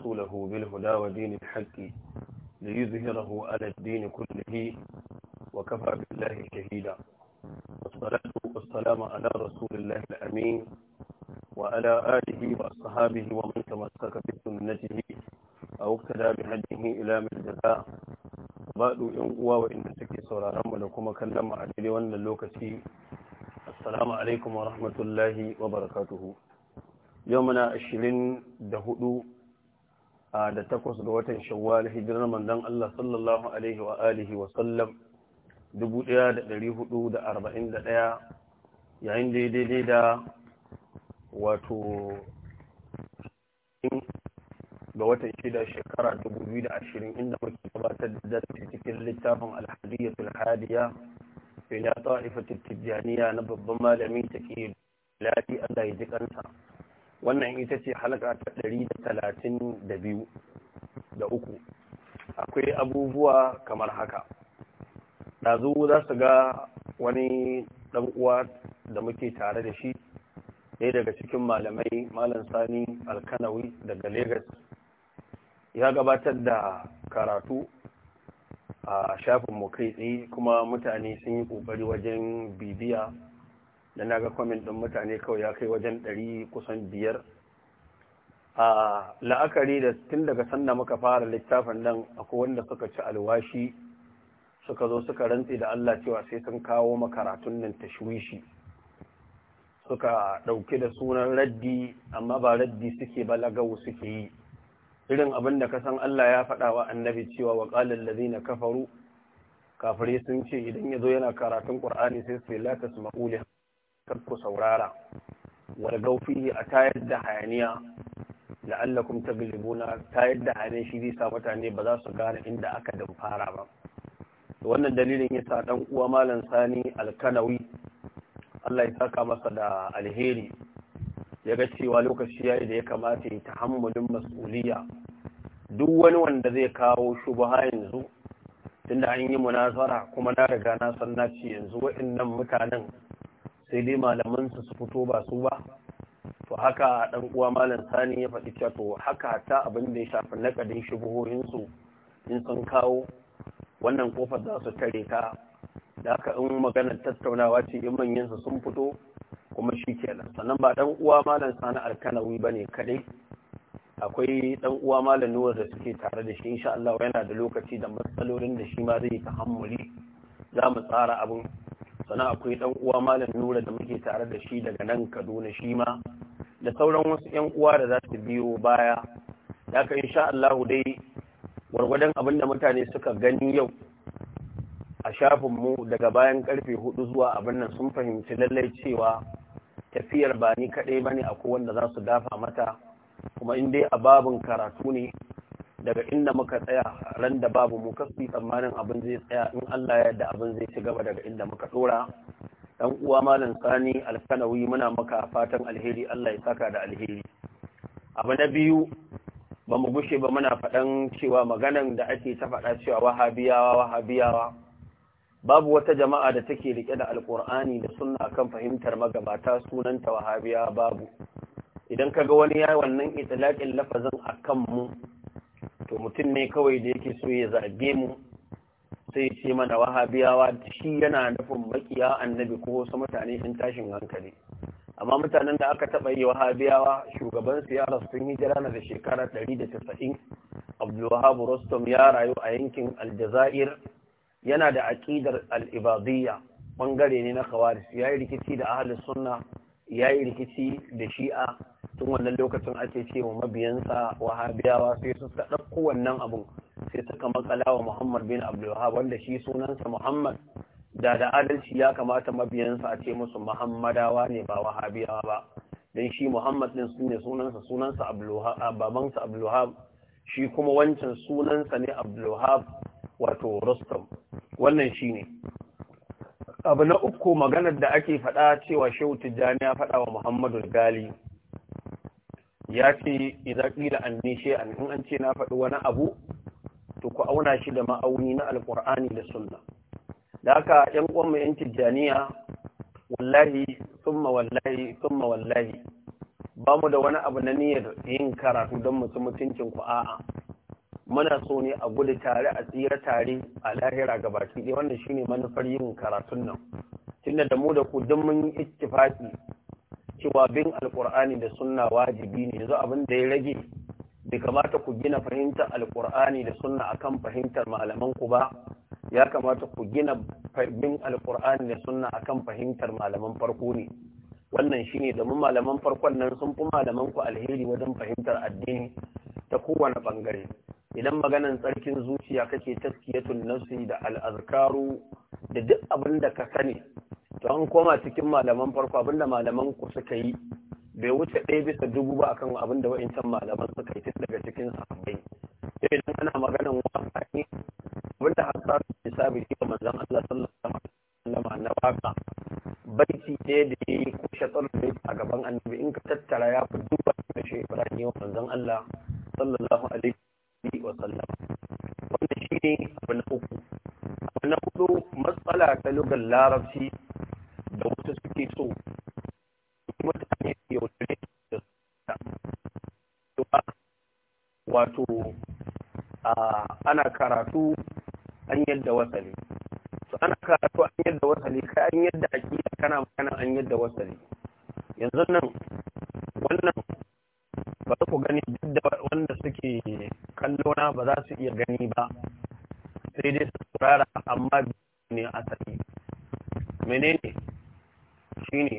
رسوله بالهدى ودين الحق ليظهره على الدين كله وكفى بالله شهيدا والصلاة والسلام على رسول الله الأمين وعلى آله وأصحابه ومن تمسك بسنته أو اقتدى بهديه إلى من جزاء بعد إن قوى وإن سكي صورا لكم كلم علي وأن اللوكسي السلام عليكم ورحمة الله وبركاته يومنا أشرين دهدو da takwas da watan shawwal hijirar manzon Allah sallallahu alaihi wa alihi wa sallam 1441 yayin da daidai da wato ga watan shida shekara 2020 inda muke gabatar da darasi cikin littafin alhadiyatul hadiya fi na ta'ifatul tijaniya na babban malami take lati Allah ya ji kansa wannan ita ce halaka ta ɗari da talatin da biyu da uku akwai abubuwa kamar haka ɗazu za su ga wani uwa da muke tare da shi ɗaya daga cikin malamai malam sani alkanawi daga Legas ya gabatar da karatu a shafin mu kai kuma mutane sun yi ƙoƙari wajen bibiya da na ga kwamin ɗin mutane kawai ya kai wajen ɗari kusan biyar a la'akari da tun daga sanda muka fara littafin nan akwai wanda suka ci alwashi suka zo suka rantse da Allah cewa sai sun kawo makaratun nan tashwishi suka ɗauki da sunan raddi amma ba raddi suke ba lagawu suke yi irin abin da kasan Allah ya faɗa wa annabi cewa wa ƙalin lazina kafaru kafare sun ce idan ya zo yana karatun ƙur'ani sai su la su ma'ulin kar ku saurara wargau a tayar da hayaniya la'allakum taglibuna tayar da hayanin shi zai sa mutane ba za su gane inda aka damfara ba wannan dalilin yasa dan uwa malam sani alkanawi Allah ya saka masa da alheri ya ga cewa lokaci yayi da ya kamata ya ta tahammulin mas'uliya duk wani wanda zai kawo shubha yanzu tunda an yi munazara kuma na riga na san na ci yanzu waɗannan mutanen sai dai malaman su fito ba su ba to haka dan uwa malam sani ya faɗi cewa to haka ta abin da ya shafi nakadin su in sun kawo wannan kofar za su tare ta da haka in maganar tattaunawa ce in manyansa sun fito kuma shi kenan sannan ba dan uwa malam sani alkanawi ba ne kadai akwai dan uwa malam nuwar da suke tare da shi insha Allah yana da lokaci da matsalolin da shi ma zai tahammuli za mu tsara abin sana akwai ɗan uwa malam nura da muke tare da shi daga nan kaduna shi ma da sauran wasu yan uwa da za su biyo baya da ka insha Allah dai gwargwadon abin da mutane suka gani yau a shafin mu daga bayan karfe hudu zuwa abin nan sun fahimci lallai cewa tafiyar ba ni kaɗai bane ne akwai wanda za su dafa mata kuma in dai a babin karatu ne daga inda muka tsaya ran da babu mu kasu tsammanin abin zai tsaya in Allah ya yarda abin zai ci gaba daga inda muka dora dan uwa malam sani alkanawi muna maka fatan alheri Allah ya saka da alheri abu na biyu ba mu gushe ba muna faɗan cewa maganan da ake ta faɗa cewa wahabiyawa wahabiyawa babu wata jama'a da take rike da alkur'ani da sunna kan fahimtar magabata sunanta wahabiya babu idan kaga wani yayi wannan itlaqin lafazin akan mu to mutum ne kawai da yake so ya zage mu sai ce mana wahabiyawa shi yana nufin makiya annabi ko wasu mutane in tashin hankali amma mutanen da aka taɓa yi wahabiyawa shugaban siyara sun hijira na da shekara 190 abdulwahab rostom ya rayu a yankin aljazair yana da aƙidar al'ibadiyya ɓangare ne na kawaris ya yi rikici da ahalin sunna ya yi rikici da shi'a tun wannan lokacin ake ce wa mabiyansa wahabiyawa sai suka ɗauko wannan abun sai suka makala wa muhammad bin abdullahi wanda shi sunansa muhammad da da adalci ya kamata mabiyansa a ce musu muhammadawa ne ba wahabiyawa ba don shi muhammad din sune ne sunansa sunansa babansa abdullahi shi kuma wancan sunansa ne abdullahi wato rustam wannan shi ne abu na uku maganar da ake faɗa cewa shehu tijjani ya faɗa wa muhammadu gali ya ce idan ƙila an nishe an in an ce na faɗi wani abu to ku auna shi da ma'auni na alƙur'ani da sunna da haka ‘yan mu ƴan tijjaniya wallahi summa wallahi summa wallahi ba mu da wani abu na niyyar yin karatu don mutum mutuncin ku a'a muna so ne a gudu tare a tsira tare a lahira ga baki ɗaya wannan shine manufar yin karatun nan tunda da mu da ku duk mun yi ittifaqi cewa bin alqur'ani da sunna wajibi ne yanzu abin da ya rage bai kamata ku gina fahimtar alqur'ani da sunna akan fahimtar malaman ku ba ya kamata ku gina bin alqur'ani da sunna akan fahimtar malaman farko ne wannan shine domin malaman farkon nan sun fi malaman ku alheri wajen fahimtar addini ta kowane bangare idan maganan tsarkin zuciya kake taskiyatun nafsi da al'azkaru da duk abin da ka sani to an koma cikin malaman farko abin da malaman ku suka yi bai wuce ɗaya bisa dubu ba akan abin da wa'incan malaman suka yi daga cikin sahabbai sai idan ana maganan waka ne abin da hasar da sabi shi ga manzon Allah sallallahu alaihi wasallam na waka baiti ɗaya da yayi ko shatsar da a gaban annabi in ka tattara ya fi duba da shi Ibrahim manzon Allah sallallahu alaihi sallam wannan shi ne abu na uku abu na hudu matsala ta lugar larabci da wasu suke so mutane yaudare da su wato ana karatu an yadda wasali su ana karatu an yadda wasali kai an yadda aƙida kana magana an yadda wasali yanzu nan wannan bari ku gani duk da wanda suke kallona ba za su iya gani ba sai dai su turara amma ne a asali menene shi shine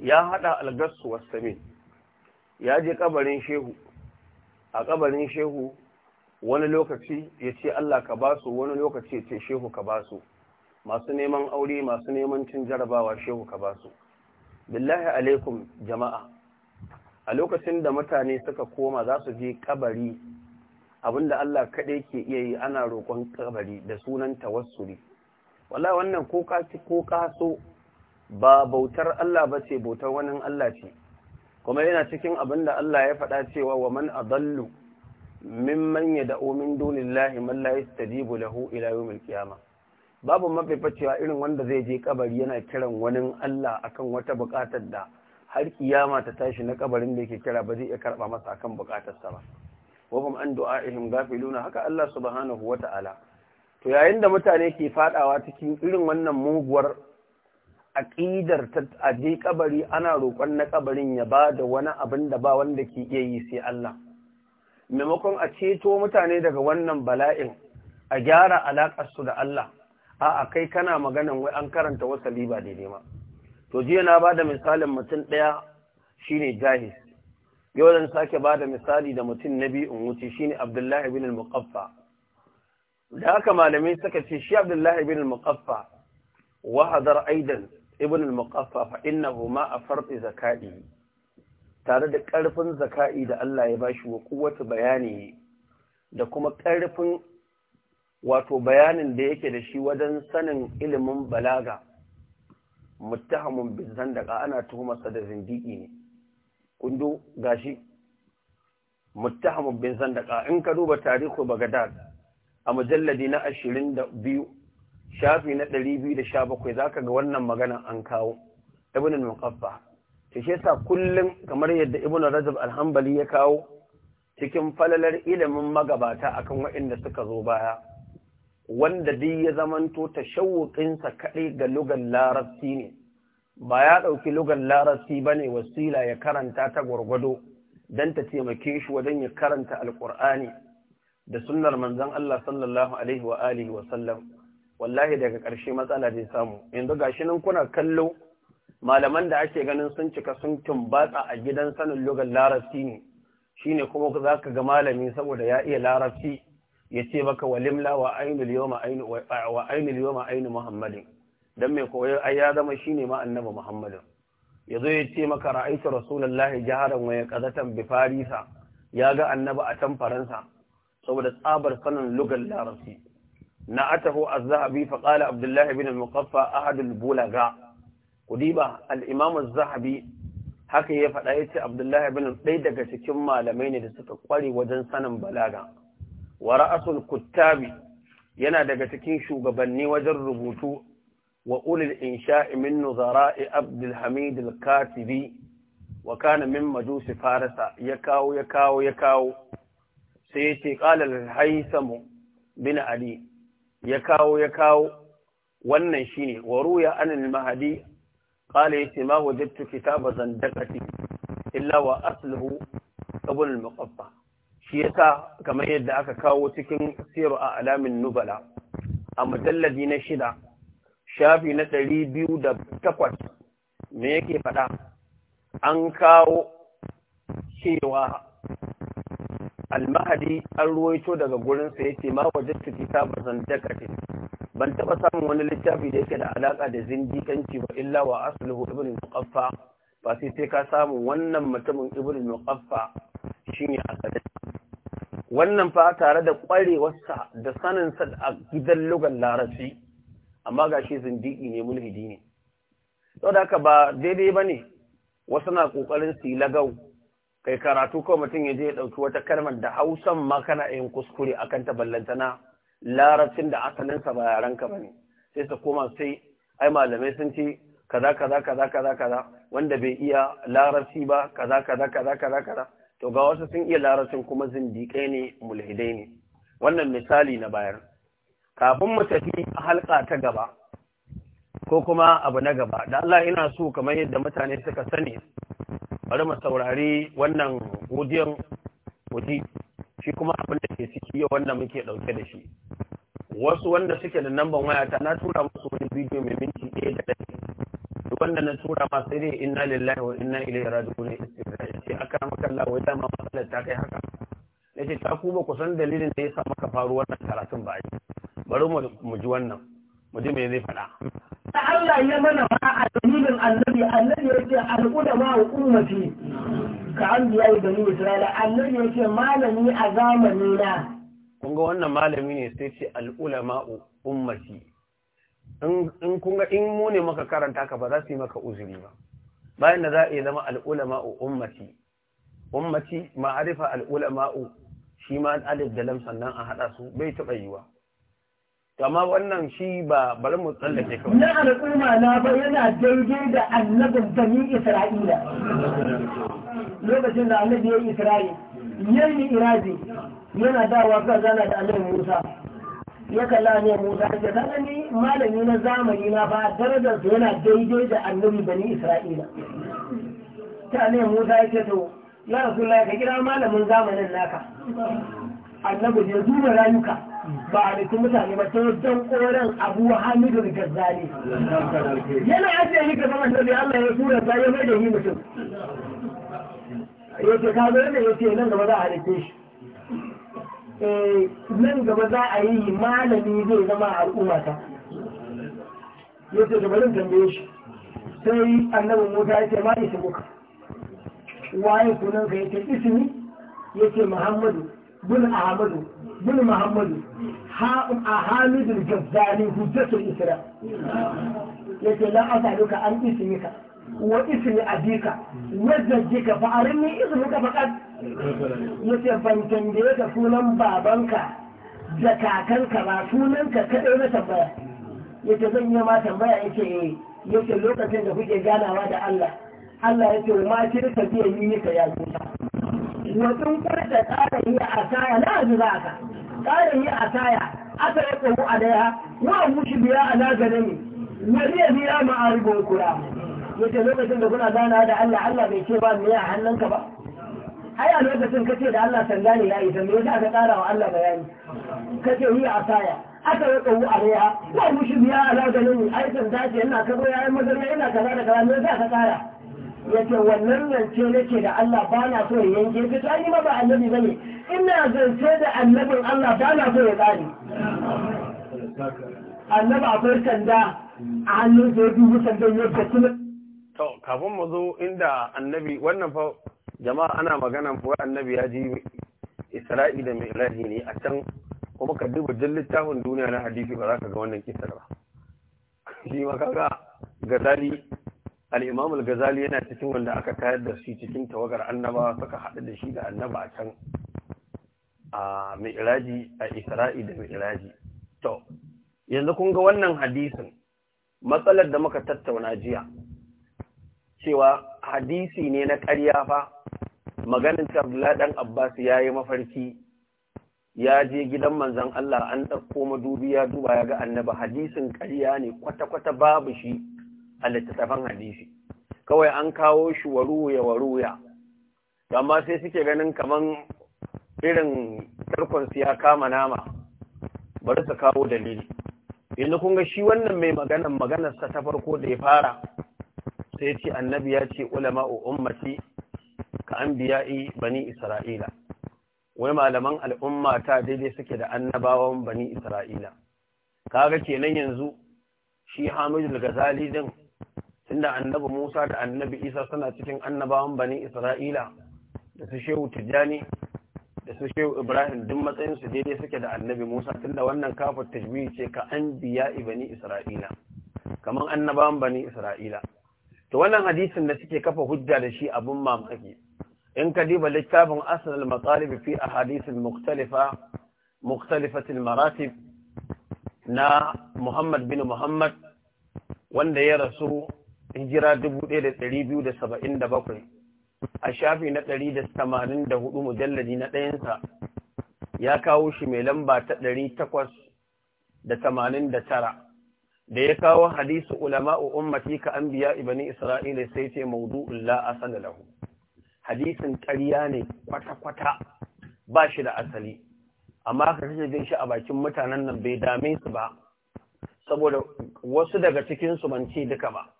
ya haɗa algasu wasami ya je ƙabarin shehu a ƙabarin shehu wani lokaci ya ce Allah ka ba su wani lokaci ya ce shehu ka ba su masu neman aure masu neman cin jarabawa shehu ka ba su billahi alaikum jama'a a lokacin da mutane suka koma za su je kabari abinda Allah kaɗai ke iya yi ana roƙon ƙabari da sunan tawassuli wala wannan ko kaso ba bautar Allah ba ce bautar wani Allah ce kuma yana cikin abin da Allah ya faɗa cewa wa man adallu ya yad'u min dunillahi man la yastajibu lahu ila yawmil qiyamah babu cewa irin wanda zai je kabari yana kiran wani Allah akan wata bukatar da har kiyama ta tashi na kabarin da yake kira ba zai iya karba masa akan bukatarsa ba wa hum an du'a'ihim gafiluna haka Allah subhanahu wata'ala to yayin da mutane ke fadawa cikin irin wannan muguwar aƙidar ta aje kabari ana roƙon na kabarin ya ba da wani abin da ba wanda ke iya yi sai Allah maimakon a ceto mutane daga wannan bala'in a gyara alakar su da Allah a kai kana maganan wai an karanta wasali ba daidai ma to jiya na bada misalin mutum ɗaya shine jahis yau sake ba da misali da mutum na biyu in wuce shine abdullahi bin al-muqaffa da haka malamai suka ce shi abdullahi ibn al-muqaffa wa hadar aidan ibn al-muqaffa fa innahu ma afarti zakai tare da karfin zakai da Allah ya bashi wa kuwatu bayani da kuma karfin wato bayanin da yake da shi wajen sanin ilimin balaga muttahamun bizan daga ana tuhumarsa da zindiki ne kundo gashi muttahamun bizan daga in ka duba tarihu bagadad a mujalladi na ashirin da biyu shafi na ɗari biyu da sha bakwai za ka ga wannan magana an kawo ibn al-muqaffa ta shi yasa kullum kamar yadda ibn rajab Alhambali ya kawo cikin falalar ilimin magabata akan waɗanda suka zo baya wanda dai ya zamanto tashawuƙinsa kaɗai ga lugan larabci ne ba ya ɗauki lugan larabci ba ne wasila ya karanta ta gwargwado don ta taimake shi wajen ya karanta alƙur'ani da sunnar manzon Allah sallallahu alaihi wallahi daga ƙarshe matsala zai samu yanzu ga shi nan kuna kallo malaman da ake ganin sun cika sun tumbatsa a gidan sanin lugar larabci ne shine kuma za ka ga malami saboda ya iya larabci ya ce baka walimla wa ainul wa muhammadin don mai koyo ai ya zama shine ma annabi muhammadin zo ya ce maka ra'aytu rasulullahi jaharan wa yaqadatan bi farisa ya ga annabi a can faransa saboda tsabar sanin lugar larabci na atahu az-zahabi fa qala abdullah ibn al-muqaffa ahad al-bulaga kudiba al-imam az-zahabi haka ya faɗa yace abdullah ibn ɗaya daga cikin malamai ne da suka kware wajen sanin balaga wa ra'asul kuttabi yana daga cikin shugabanni wajen rubutu wa ulil insha'i min nuzara'i abdul hamid al-katibi wa kana min majusi farisa ya kawo ya kawo ya kawo sai ya ce ƙalar haisamu bin ali ya kawo ya kawo wannan shi ne wa ruya anil mahadi ƙala ya ce ma wajattu kitaba zandakati illa wa aslihu abun al-muqaffa shi yasa kamar yadda aka kawo cikin siru a alamin nubala a mujalladi na shida shafi na ɗari biyu da takwas me yake faɗa an kawo cewa almahadi an ruwaito daga gurin sa yace ma wajattu kitabar zandakatin ban taba samun wani littafi da yake da alaka da zindikanci ba illa wa asalihu ibn muqaffa ba sai sai ka samu wannan mutumin ibn muqaffa shine asalin wannan fa tare da ƙwarewarsa da saninsa a gidan lugan larabci amma ga zindiki ne mulhidi ne saboda haka ba daidai bane wasu na ƙoƙarin su yi lagau kai karatu ko mutum ya je ya ɗauki wata kalmar da hausan ma kana yin kuskure akan ta ballantana larabcin da asalinsa ba ka ba ne sai su koma sai ai malamai sun ce kaza kaza kaza kaza kaza wanda bai iya larabci ba kaza kaza kaza kaza kaza to ga wasu sun iya larabcin kuma zindiƙai ne mulhidai ne wannan misali na bayar kafin mu tafi halka ta gaba ko kuma abu na gaba da Allah ina so kamar yadda mutane suka sani bari mu saurari wannan godiyan kuji shi kuma abin da ke ciki wanda muke dauke da shi wasu wanda suke da namban waya ta na tura musu wani bidiyo mai minti ɗaya da ɗaya duk wanda na tura ma sai dai inna lillahi wa inna ilaihi raji'un istighfar sai aka maka Allah wai dama matsalar ta kai haka nace ta ku ku san dalilin da ya sa maka faru wannan karatun ba ai bari mu ji wannan mu ji me zai faɗa da Allah ya mana ba a dalilin annabi annabi ya ce al'ulama wa ummati ka an biya da bani Isra'ila annabi ya ce malami a zamani na kun ga wannan malami ne sai ce al'ulama wa ummati in kun ga in mu ne maka karanta ka ba za su yi maka uzuri ba bayan da za a iya zama al'ulama wa ummati ummati ma'arifa al'ulama shi ma alif da lam sannan a haɗa su bai taɓa yiwa kama wannan shi ba bari mu tsallake kawai na al'umma na ba yana daidai da annabin bani isra'ila lokacin da annabi ya yi isra'ila yayi irazi yana dawa kan zana da annabi musa ya kalla ne musa da zana ni malami na zamani na ba darajar su yana daidai da annabi bani isra'ila ta ne musa ya ce to ya rasu ka kira malamin zamanin naka annabi ya duba rayuka ba a rikin mutane ba sun don koren abu hamidu da gazzali yana ajiye ni gaban annabi Allah ya sura ta ya mai da ni mutum yake ka zo da yake nan gaba za a rike shi eh, nan gaba za a yi malami zai zama a al'umma ta yake da barin tambaye shi sai annabin mota ya ce ma isi kuka. waye sunan ka yake isimi yake muhammadu bin ahmadu bin muhammadu a hamidul gazzani hujjatul isra yake la asaluka an ismika wa ismi abika wajjajjika fa arinni ismuka faqat yace ban tambaye sunan babanka da kakanka ba sunanka kadai na tambaya yace zan yi ma tambaya yace yace lokacin da kuke ganawa da Allah Allah yace ma shirka biya yi ka ya zuwa tsara tsara yi yi a a na aka yi قال a daya wa mushi biya a عسايا ne عليها ومشبها biya ma a بها kura الكرام yace lokacin da kuna gana da Allah Allah bai ce ba me a hannunka ba ai a lokacin kace da Allah sanda ne ya isa me yasa ka tsara wa Allah bayani kace a asaya aka yi tsawo a daya wa mushi biya a ala ganin ai sanda ce ina kago yi mazana ina kaza da kaza me yasa ka tsara yace wannan zance nake da Allah ba na so ya yanke ka ta ni ma ba annabi bane ina zance da annabin Allah ba na so ya tsari annabi akwai sanda a hannun da ya dubu sandan da kuma to kafin mu zo inda annabi wannan fa jama'a ana magana fa annabi ya ji Isra'i da Mi'raji ne a can kuma ka duba duk littafin duniya na hadisi ba za ka ga wannan kisar ba shi ma kaga gazali al-imam al-ghazali yana cikin wanda aka tayar da shi cikin tawagar annaba suka haɗu da shi da annaba a can a mi'raji a isra'i da mi'raji to yanzu kun ga wannan hadisin matsalar da muka tattauna jiya cewa hadisi ne na ƙarya fa maganin tabla dan abbas ya yi mafarki ya je gidan manzan Allah an ɗauko madubi ya duba ya ga annaba hadisin ƙarya ne kwata-kwata babu shi a littattafan hadisi kawai an kawo shi waruya waruya amma sai suke ganin kamar irin tarkon su ya kama nama bari su kawo dalili yanzu kunga shi wannan mai maganan maganarsa ta farko da ya fara sai ce annabi ya ce ulama ummati ka an anbiya'i bani isra'ila wai malaman al'umma ta daidai suke da annabawan bani isra'ila kaga kenan yanzu shi hamidul gazali din inda annabi Musa da annabi Isa suna cikin annabawan bani Isra'ila da su shehu Tijjani da su shehu Ibrahim duk matsayin su daidai suke da annabi Musa tunda wannan kafar tajbihi ce ka biya bani Isra'ila kamar annabawan bani Isra'ila to wannan hadisin da suke kafa hujja da shi abun mamaki in ka diba littafin asalin al-matalib fi ahadith al-mukhtalifa maratib na Muhammad bin Muhammad wanda ya rasu hijira dubu ɗaya da ɗari biyu da saba'in da bakwai a shafi na ɗari da tamanin da hudu mujalladi na ɗayansa ya kawo shi mai lamba ta ɗari takwas da tamanin da tara da ya kawo hadisu ulama'u ummati ka an biya ibani isra'ila sai ce maudu'un a asala lahu hadisin karya ne kwata-kwata ba shi da asali amma ka kashe jin shi a bakin mutanen nan bai dame su ba saboda wasu daga cikinsu ban ce duka ba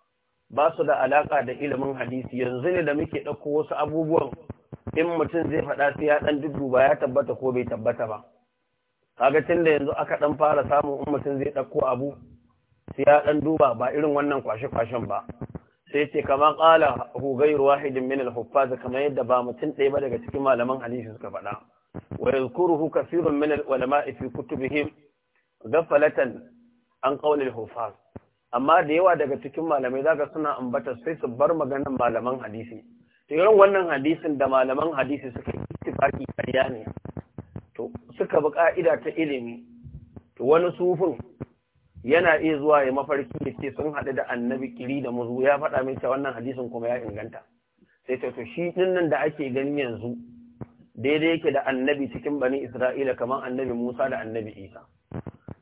ba su da alaƙa da ilimin hadisi yanzu ne da muke ɗauko wasu abubuwan in mutum zai faɗa sai ya ɗan dudduba ya tabbata ko bai tabbata ba kaga tun da yanzu aka ɗan fara samun in mutum zai ɗauko abu sai ya ɗan duba ba irin wannan kwashe-kwashen ba sai ce kama ƙala hugairu wahidin min al kamar yadda ba mutum ɗaya ba daga cikin malaman hadisi suka faɗa wa yadhkuruhu kathirun min al-ulama fi kutubihim gafalatan an ƙaunar al amma da yawa daga cikin malamai zaka suna ambata sai su bar maganar malaman hadisi to irin wannan hadisin da malaman hadisi suka yi ittifaqi kariya ne to suka bi ka'ida ta ilimi to wani sufin yana iya zuwa ya mafarki ya ce sun haɗu da annabi kiri da muzu ya faɗa min cewa wannan hadisin kuma ya inganta sai ta to shi din nan da ake gani yanzu daidai yake da annabi cikin bani isra'ila kamar annabi musa da annabi isa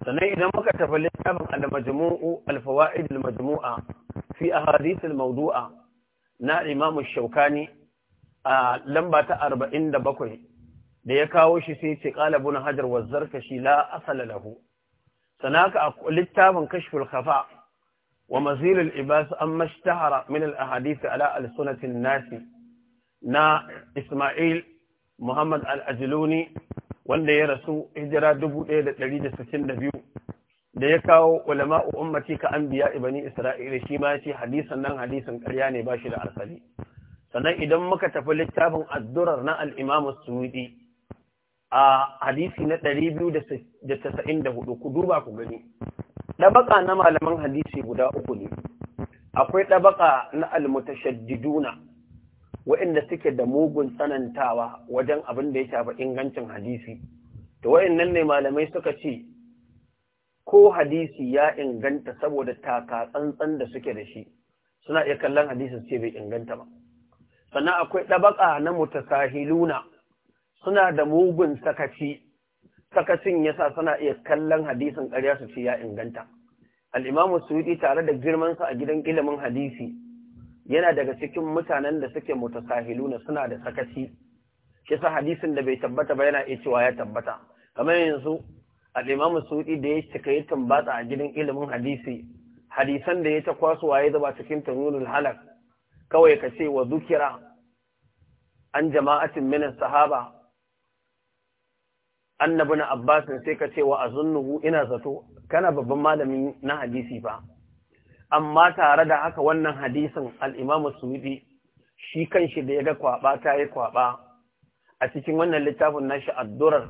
sannan idan muka tafi littafin al-majmu'u al-fawaid al-majmu'a fi ahadith al-mawdu'a na imamu shaukani a lamba ta 47 da ya kawo shi sai ce qala ibn hajar wa zarkashi la asala lahu sanaka littafin kashful khafa wa mazil al-ibas amma ishtahara min al-ahadith ala al-sunnah an nasi na Isma'il Muhammad al-Ajluni wanda ya rasu hijira dubu ɗaya da ɗari da da da biyu ya kawo ulama ummati ka biya ibani isra'ila shi ma ce hadisan nan hadisan ƙarya ne bashi da asali sannan idan muka tafi littafin addurar na al'imamu suwidi a hadisi na ɗari biyu da da hudu ku duba ku gani ɗabaka na malaman hadisi guda uku ne akwai ɗabaka na almutashaddiduna Wa'inda suke da mugun tsanantawa wajen abin da ya shafi ingancin hadisi to wa'innan ne malamai suka ce ko hadisi ya inganta saboda taka tsantsan da suke da shi suna iya kallon hadisi ce bai inganta ba sannan akwai ɗabaka na mutasahiluna suna da mugun sakaci sakacin yasa suna iya kallon hadisin ƙarya su ce ya inganta al-imamu tare da girmansa a gidan ilimin hadisi yana daga cikin mutanen da suke mutasahiluna suna da sakaci kisa hadisin da bai tabbata ba yana iya cewa ya tabbata kamar yanzu a limamin suɗi da ya cika yi tambatsa a gidan ilimin hadisi hadisan da ya ta kwaso ya zaba cikin tanunul halak kawai ka ce wa zukira an jama'atin minan sahaba annabi na Abbasin sai ka ce wa azunnuhu ina zato kana babban malamin na hadisi fa amma tare da haka wannan hadisin al'imamu suwidi shi shi da ya ga kwaɓa ta yi kwaɓa a cikin wannan littafin nashi addurar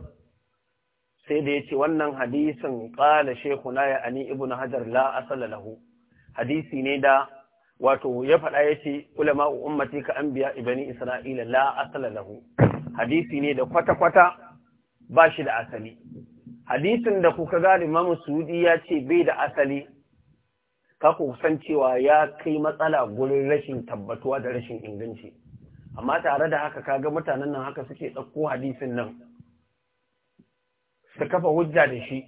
sai da ya ce wannan hadisin ƙala shekuna ya ani ibn hajar la asala lahu hadisi ne da wato ya faɗa ya ce ulama ummati ka an biya ibani isra'ila la asala lahu hadisi ne da kwata-kwata ba shi da asali hadisin da kuka ga imamu suwidi ya ce bai da asali ka san cewa ya kai matsala gurin rashin tabbatuwa da rashin inganci amma tare da haka kaga mutanen nan haka suke ɗauko hadisin nan su kafa hujja da shi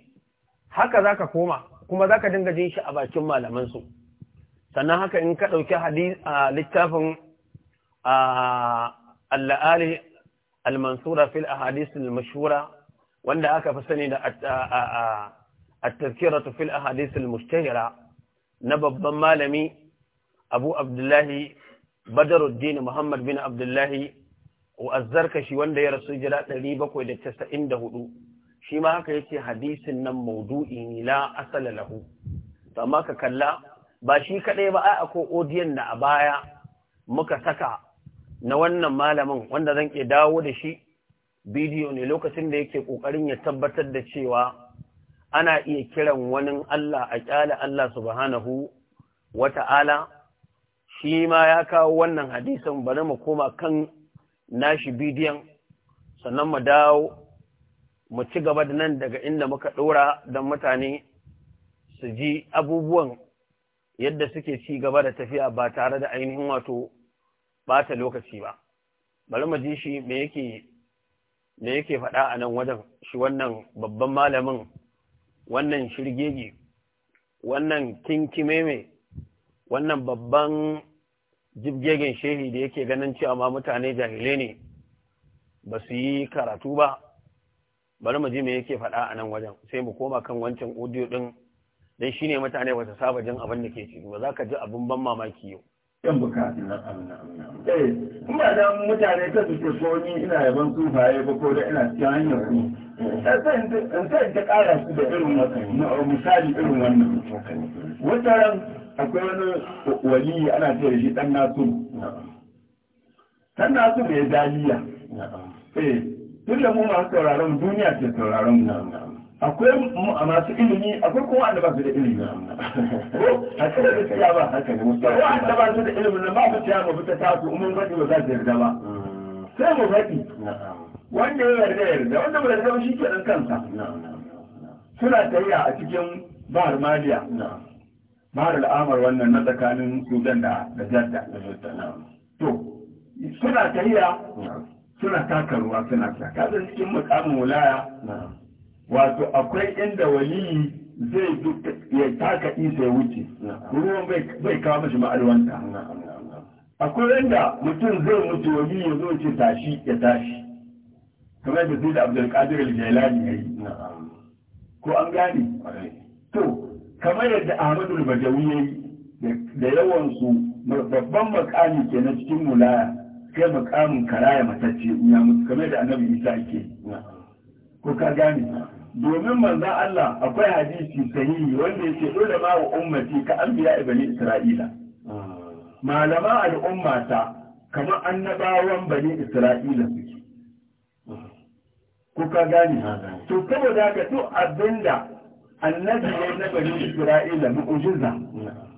haka zaka koma kuma zaka dinga jin shi a bakin malaman su sannan haka in ka ɗauki littafin al al-mansura fil ahadith al wanda aka fi sani da at-tazkiratu fil ahadith al na babban malami abu abdullahi badaruddin muhammad bin abdullahi wa shi wanda ya rasu jira 794 shi ma haka yace hadisin nan maudu'i ne la asala lahu to amma ka kalla ba shi kadai ba ai ko odiyan da a baya muka saka na wannan malamin wanda zan ke dawo da shi bidiyo ne lokacin da yake kokarin ya tabbatar da cewa ana iya kiran wani Allah a ƙyale Allah subhanahu wata'ala shi ma ya kawo wannan hadisin bari mu koma kan nashi bidiyon sannan mu dawo mu ci gaba da nan daga inda muka ɗora don mutane su ji abubuwan yadda suke ci gaba da tafiya ba tare da ainihin wato ɓata lokaci ba bari mu ji shi me yake me yake faɗa a nan wajen shi wannan babban malamin wannan shirgege wannan kinkime mai wannan babban jibgegen shehi da yake ganin cewa ma mutane jahile ne ba su yi karatu ba bari mu ji me yake faɗa a nan wajen sai mu koma kan wancan audio din dan shine mutane ba su saba jin abin da ke ciki ba za ka ji abin ban mamaki yau yan amina, eh kuma da mutane ta su ko ni ina yaban tufaye ba ko da ina cikin hanyar ku sai ta ƙara su da irin misali irin wannan wata ran akwai wani wali ana ce da shi ɗan nasu ɗan nasu mai daliya eh tun da mu masu sauraron duniya ce sauraron akwai masu ilimi akwai kuma wanda ba su da ilimi ko haka da gaskiya ba haka ne musamman wanda ba su da ilimi na ba ku ciya ba ta tasu umar ba za ta yarda ba sai mu faɗi wanda ya yarda yarda wanda bai yarda shi kenan kansa suna tayya a cikin bahar maliya bahar al'amar wannan na tsakanin sudan da jadda to suna tayya suna taka ruwa suna ta cikin mukamin wilaya wato akwai inda waliyi zai ya taka isa ya wuce ruwan bai kawo mashi ma'alwanta akwai inda mutum zai wuce waliyi ya zo ce tashi ya tashi kamar da su da abdulkadir al-jailani yayi ko an gane to kamar yadda ahmadu al-bajawi yayi da yawan su babban makami ke na cikin mulaya sai makamin karaya matacce ya mutu kamar da annabi isa ke ko ka gane domin manzan Allah akwai hadisi sahihi wanda yake dole ma wa ummati ka anbiya ibani isra'ila ah. malama al'ummata kamar annabawan bani isra'ila suke ko ka gane to da ka to abinda annabi ne na bani isra'ila mu'ujiza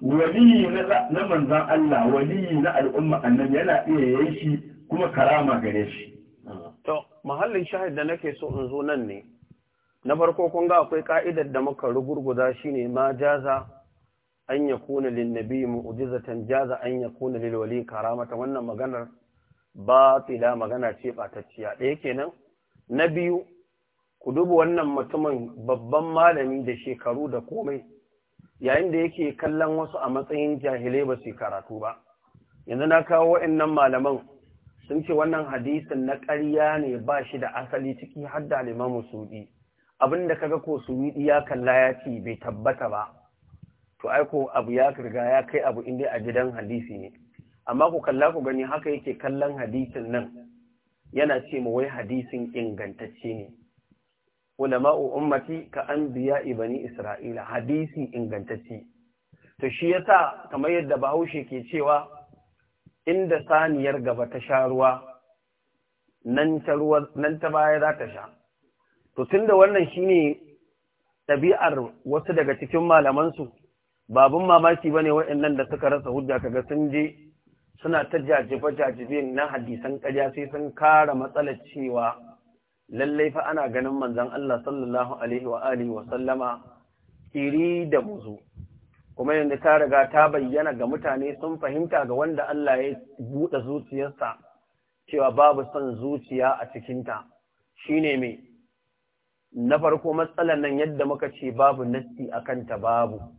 waliyi na manzan Allah waliyi na al'umma annabi yana iya yayin shi kuma karama gare shi to mahallin shahid da nake so in zo nan ne na farko kun ga akwai ka'idar da muka rugurguza shine ma jaza an yakuna lin nabi mu'jizatan jaza an yakuna lil wali karamata wannan maganar ba batila magana ce ba da yake nan. na biyu ku duba wannan mutumin babban malami da shekaru da komai yayin da yake kallon wasu a matsayin jahilai ba su karatu ba yanzu na kawo wa'annan malaman sun ce wannan hadisin na karya ne ba shi da asali ciki har da limamu suɗi da kaga ko suɗi ya kalla ya ce bai tabbata ba to aiko abu ya kirga ya kai abu inda a gidan hadisi ne amma ku kalla ku gani haka yake kallon hadisin nan yana ce ma wai hadisin ingantacce ne ulama'u ummati ka an biya ibani isra'ila hadisi ingantacce to shi yasa kamar yadda bahaushe ke cewa inda saniyar gaba ta sha ruwa nan ta baya za ta sha to tunda wannan shine ɗabi'ar wasu daga cikin malamansu, su babun mamaki bane waɗannan da suka rasa hujja kaga sun je suna ta jajibe-jajibe na hadisan ƙarya sai sun kara matsalar cewa lallai fa ana ganin manzan Allah sallallahu Alaihi wa'alihi wa sallama kiri da muzu, kuma yadda ta riga ta bayyana ga mutane sun fahimta ga wanda Allah ya buɗe zuciyarsa cewa babu son zuciya a cikinta, shi ne mai, na farko matsalar nan yadda muka ce babu nasti a kanta babu.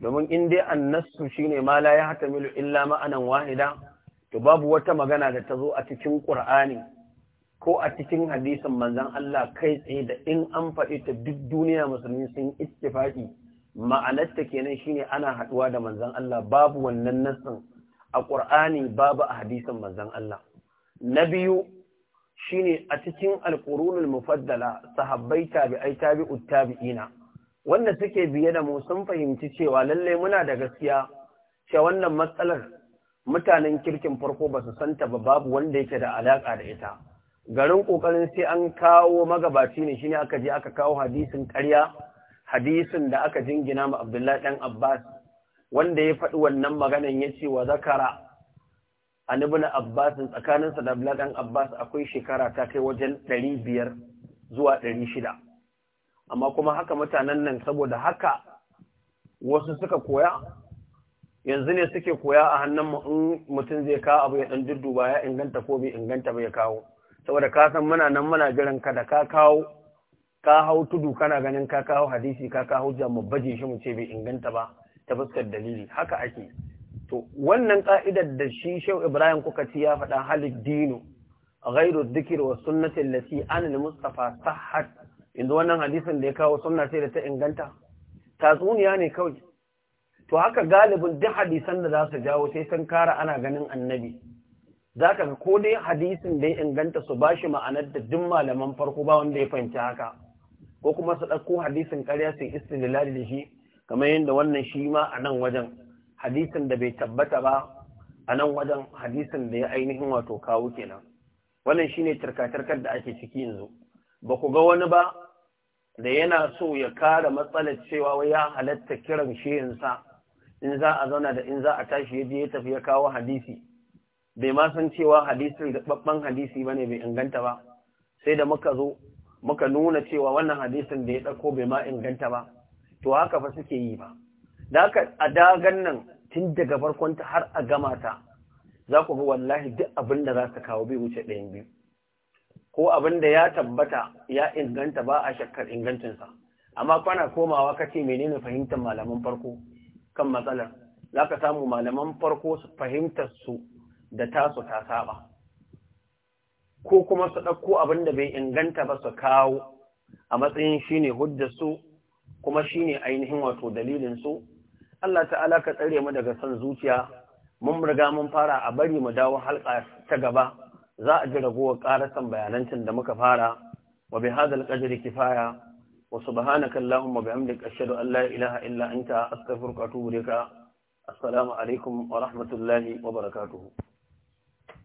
domin in dai shi shine ma la yahtamilu illa ma'anan wahida to babu wata magana da ta zo a cikin ƙur'ani ko a cikin hadisin manzon Allah kai tsaye da in an faɗi ta duk duniya musulmi sun ittifaqi ma'anarta kenan shine ana haɗuwa da manzon Allah babu wannan nassin a ƙur'ani babu a hadisin manzon Allah na biyu shine a cikin alqurunul mufaddala sahabbai tabi'ai tabi'ut tabi'ina wanda suke biye da mu sun fahimci cewa lallai muna da gaskiya cewa wannan matsalar mutanen kirkin farko ba su santa ba babu wanda yake da alaƙa da ita garin kokarin sai an kawo magabaci ne shine aka je aka kawo hadisin ƙarya hadisin da aka jingina ma Abdullahi dan Abbas wanda ya faɗi wannan maganan ya ce wa zakara an ibn Abbas tsakaninsa da Abdullahi dan Abbas akwai shekara ta kai wajen biyar zuwa ɗari shida. amma kuma haka mutanen nan saboda haka wasu suka koya yanzu ne suke koya a hannun mu in mutum zai kawo abu ya dan ba ya inganta ko bai inganta bai kawo saboda ka san muna nan muna jiran ka da ka kawo ka hau tudu kana ganin ka kawo hadisi ka kawo jamu baje shi mu ce bai inganta ba ta fuskar dalili haka ake to wannan ka'idar da shi Shehu Ibrahim kuka ci ya faɗa halid dinu ghairu dhikr wa sunnati allati an al-mustafa sahhat yanzu wannan hadisin da ya kawo sunna sai da ta inganta tatsuniya ne kawai to haka galibin duk hadisan da za su jawo sai sun kara ana ganin annabi za ka ko dai hadisin da ya inganta su ba shi ma'anar da duk malaman farko ba wanda ya fahimci haka ko kuma su ɗauko hadisin ƙarya su istilali da shi kamar yadda wannan shi ma a nan wajen hadisin da bai tabbata ba a nan wajen hadisin da ya ainihin wato kawo kenan wannan shine tarkatarkar da ake ciki yanzu ba ku ga wani ba da yana so ya kare matsalar cewa wai ya halatta kiran shiyansa in za a zauna da in za a tashi ya je ya tafi ya kawo hadisi bai ma san cewa hadisin da babban hadisi bane bai inganta ba sai da muka zo muka nuna cewa wannan hadisin da ya dauko bai ma inganta ba to haka fa suke yi ba da haka a dagan nan tun daga farkonta har a gama ta za ku ga wallahi duk abin da za ta kawo bai wuce ɗayan biyu ko abin da ya tabbata ya inganta ba a shakkar ingancinsa amma kwana komawa kace menene fahimtar malaman farko kan matsalar zaka samu malaman farko su fahimtar su da tasu ta saba ko kuma su ɗauko abin da bai inganta ba su kawo a matsayin shine huddar su kuma shine ainihin wato dalilin su Allah ta'ala ka tsare mu daga son zuciya mun riga mun fara a bari mu dawo halka ta gaba za a ji ragowar ƙarasan bayanancin da muka fara wa bi hadal qadri kifaya wa subhanaka allahumma bihamdika ashhadu an la ilaha illa anta astaghfiruka wa atubu ilaik assalamu alaikum wa rahmatullahi wa barakatuh